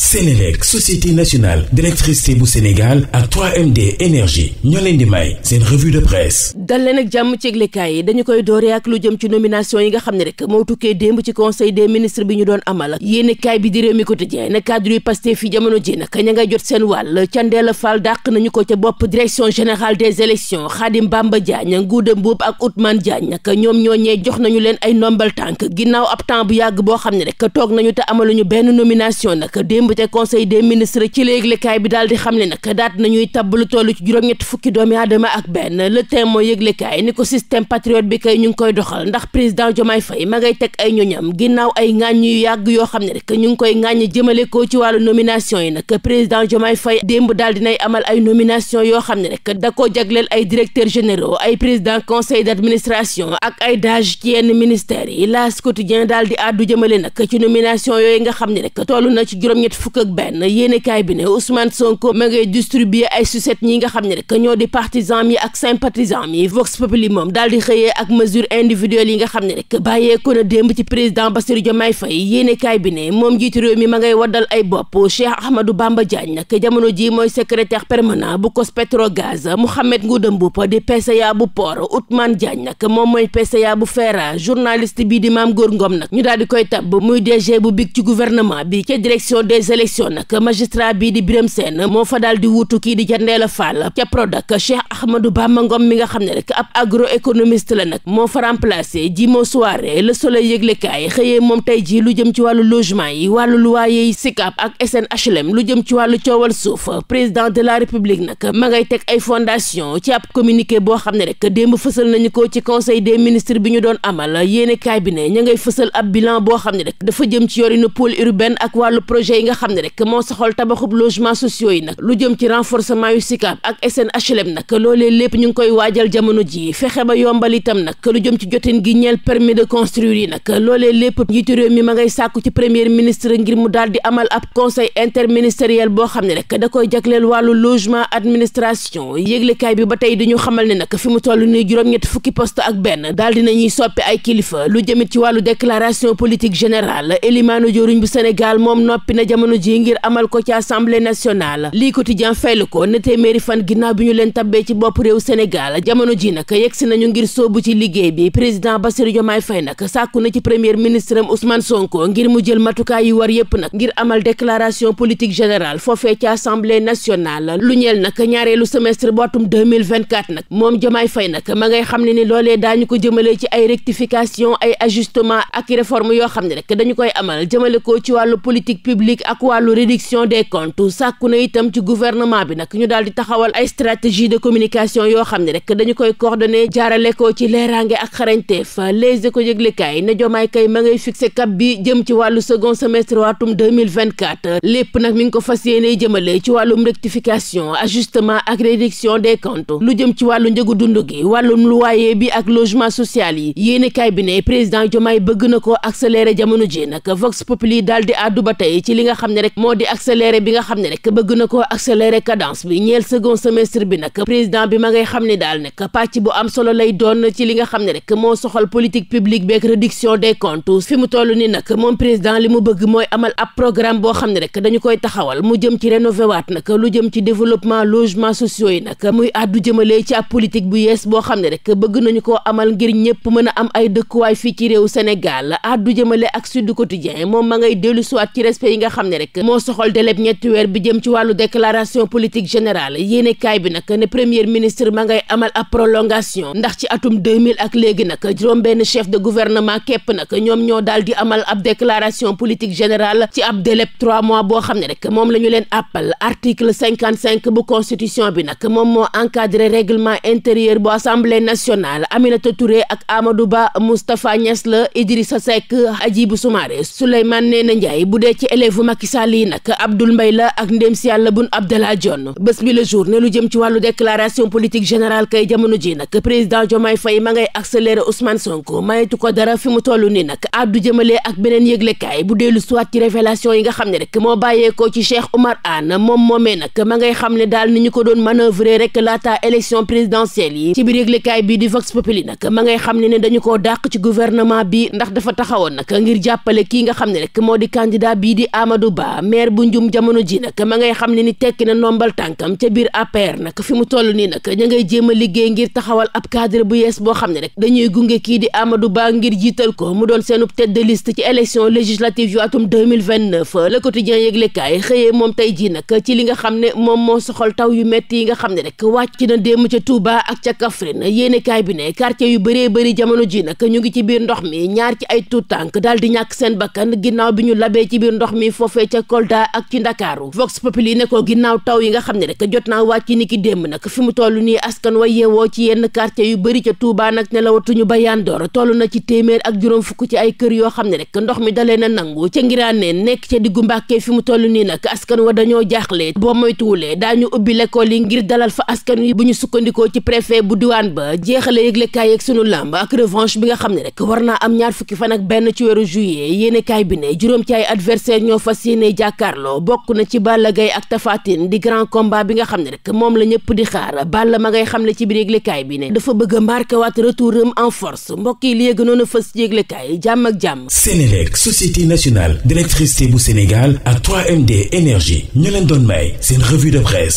Sénélec société nationale d'électricité bu Sénégal ak 3MD énergie ñoo leen di may seen revue de presse dal leen jàmm ci yi dañu koy dooree ak lu jëm ci nomination yi nga xam ne rek moo tukkee démb ci conseil des ministre bi ñu doon amal ak yenn kaay bi di réew mi quotidien ne cadre yu Pastef fi jamono ji nag ña ngay jot seen wàll Thiendella Fall dàq nañu ko ca bopp direction général des élections Khadim Bamba Diagne Ngouda Mboup ak Outmane Diagne nag ñoom ñooñee jox nañu leen ay ndombal tànk ginnaaw ab temps bu yàgg boo xam ne rek toog nañu te amaluñu benn nomination nag démb démb te conseil des ministre ci léeglekaay bi daal di xam ne nag daat nañuy tab lu toll ci juróom-ñett fukki doomi aadama ak benn le thème mooy yëglekaay ni ko système patriote bi kay ñu ngi koy doxal ndax président Diomaye Faye ma ngay teg ay ñoñam ginnaaw ay ŋàññ yu yàgg yoo xam ne rek ñu ngi koy ŋàññ jëmale ko ci wàllu nomination yi nag président Diomaye fay démb daal dinay amal ay nomination yoo xam ne rek da koo jagleel ay directeurs généraux ay président conseil d'administration ay DAGE yenn ministères yi laas quotidien daal di àddu jëmale nag ci nomination yooyu nga xam ne rek toll na ci juróom fukk ak benn yéenekaay bi ne Ousmane Sonko ma ngay distribuer ay sucette ñi nga xam ne rek ñoo di partisans mi ak sympathisants yi Vox li moom daal di xëyee ak mesure individuelle yi nga xam ne rek bàyyeekoo na démb ci président Bassirou Diomaye Faye yéenekaay bi ne moom jiitu réew mi ma ngay waddal ay bopp Cheikh Ahmadou Bamba Diagne nag jamono ji mooy secrétaire permanent bu COS-Petrogaz Mouhamed Ngouda Mboup di PCA bu port Outmane Diagne nag moom mooy PCA bu Fera journaliste bii di maam Gor Ngom nag ñu daal di koy tabb bu big ci gouvernement bi ca les élections nag magistrat bii di Birame Sène moo fa daal di wuutu kii di Jandeela Fall ca Prodac Cheikh Ahmadou Bamba Ngom mi nga xam ne rek ab agroéconomiste la nag moo fa remplacé ji moo soirée le soleil yëglekaay xëyee moom tey jii lu jëm ci wàllu logement yi wàllu loyer yi SICAP ak SNHLM lu jëm ci wàllu coowal suuf président de la république nag ma ngay teg ay fondation ci ab communiqué boo xam ne rek démb fësal nañu ko ci conseil des ministre bi ñu doon amal yéene kaay bi ne ña ngay boo xam ne rek dafa jëm ci yorinu pôle nga xam ne rek moo soxol tabaxub logement sociaux yi nag lu jëm ci renforcement yu SICAP ak SNHLM nag loolee lépp ñu ngi koy waajal jamono ji fexe ba yombal itam nag lu jëm ci jotin gi ñeel permis de construire yi nag loolee lépp njiitu réew mi ma ngay sàkku ci premier ministre ngir mu daal di amal ab conseil interministériel boo xam ne rek da koy jagleel wàllu logement administration yéglekaay bi ba tey dañu xamal ne nag fi mu toll nii juróom-ñett fukki poste ak benn daal di soppi ay kilifa lu jëmit ci wàllu déclaration politique générale élimaanu Sénégal jamono ji ngir amal ko ci assemblée nationale lii quotidien faylu ko ne fan ginnaaw bi ñu leen tabbee ci bopp réew Sénégal jamono ji nag yegsi nañu ngir soobu ci liggéey bi président Bassirou Diomaye Faye nag sàkku na ci premier ministre am Ousmane Sonko ngir mu jël matukaay yi war yépp nag ngir amal déclaration politique générale foofee ci assemblée nationale lu ñeel nag ñaareelu moom Diomaye Faye nag ma ngay xam ne ni loolee daañu ci ay rectification ay ajustement ak réforme yoo xam ne ak wàllu réduction des comptes sàkku na itam ci gouvernement bi nag ñu daal di taxawal ay stratégie de communication yoo xam ne rek dañu koy coordonné jaarale ko ci leeraange ak xarañteef les éco yëglekaay ne jomaay kay ma ngay fixé cap bi jëm ci wàllu second semestre waatum 2024 lépp nag mi ngi ko fas yéene jëmale ci wàllum rectification ajustement ak réduction des comptes lu jëm ci wàllu njëgu dund gi wàllum loyer bi ak logement social yi yéene bi ne président jomaay bëgg na ko accélérer jamono ji nag vox daal di àddu xam ne rek moo di accéléré bi nga xam ne rek bëgg na ko accéléré cadence bi ñeel second semestre bi nag président bi ma ngay xam ne daal nag pàcc bu am solo lay doon ci li nga xam ne rek moo soxal politique publique beeg réduction des comptes fi mu toll ni nag moom président li mu bëgg mooy amal ab programme boo xam ne rek dañu koy taxawal mu jëm ci rénové waat nag lu jëm ci développement logement sociaux yi nag muy àddu jëmale ci ab politique bu yees boo xam ne rek bëgg nañu koo amal ngir ñëpp mën a am ay dëkkuwaay fii ci réew Sénégal àddu jëmale ak Sud Quotidien yi nga xam xam ne rek moo soxol délai ñetti weer bi jëm ci wàllu déclaration politique générale yéene kaay bi nag ne premier ministre ma ngay amal ab prolongation ndax ci atum 2000 ak léegi nag juróom-benn chef de gouvernement képp nag ñoom ñoo daal di amal ab déclaration politique général ci ab délai trois mois boo xam ne rek moom la ñu leen appal article cinquante cinq bu constitution bi nag moom moo encadré règlement intérieur bu assemblée nationale Aminata Touré ak Amadou Ba Moustapha Niass la Idrissa Seck Hadjibou Soumaré Souleymane Ndéné Ndiaye bu dee ci élève Macky Sall yi nag Abdoul Mbaye la ak ndéem si bun Abdallah Dionne bés bi le jour ne lu jëm ci wàllu déclaration politique générale kay jamono ji nag président Diomaye Faye ma ngay accéléré Ousmane Sonko mayetu ko dara fi mu toll ni nag addu jëmalee ak beneen yëglekaay bu dellu soit ci révélation yi nga xam ne rek moo bàyyeekoo ci Cheikh Oumar Anne moom moomee nag ma ngay xam ne daal ni ñu ko doon manœuvrer rek laata élection présidentielle yi ci biir yëglekaay bii di Vox Populi nag ma ngay xam ne ne dañu koo dàq ci gouvernement bi ndax dafa taxawoon nag ngir jàppale kii nga xam ne rek moo Amadou Ba maire bu njum jamono ji nag ma ngay xam ne ni tekki na nombal tànkam ca biir APR nag fi mu toll nii nag a liggéey li nga xam ne moom moo yi nga xam ne rek wàcc na démb bi ne quartier yu bëree bëri jamono ji nag ñu ngi ci biir ndox mi ñaar ci ay tuutànk daal di ñàkk seen bakkan ginnaaw bi ñu labee ci biir ndox mi foofu foofee ca Kolda ak ci Ndakaaru Vox Populi ne ko ginnaaw taw yi nga xam ne rek jot naa wàcc ni ki démb nag fi mu toll nii askan wa yeewoo ci yenn quartier yu bëri ca Touba nag ne la watuñu ba yandoor tollu na ci téeméer ak juróom fukk ci ay kër yoo xam ne rek ndox mi dalee na nangu ca ngiraane nekk ca diggu Mbàkke fi mu toll nii nag askan wa dañoo jaaxle boo moytuwulee daa ñu ubbi l'école yi ngir dalal fa askan wi bu ñu sukkandikoo ci préfet bu diwaan ba jeexale yëglekaay ak sunu làmb ak bi nga xam ne rek war naa am ñaar fukki fan ak benn ci weeru juillet yéenekaay fas yéene jàkkaarloo bokk na ci Balla gay ak Tapha di grand combat bi nga xam ne rek moom la ñëpp di xaar Balla ma ngay xam ne ci biir yëglekaay bi ne dafa bëgg a marqué waat am en force mbokk yi léegi noonu fës ci yëglekaay jàmm ak jàmm Sénélec société nationale d'électricité bu Sénégal ak 3MD énergie ñu leen doon may seen revue de presse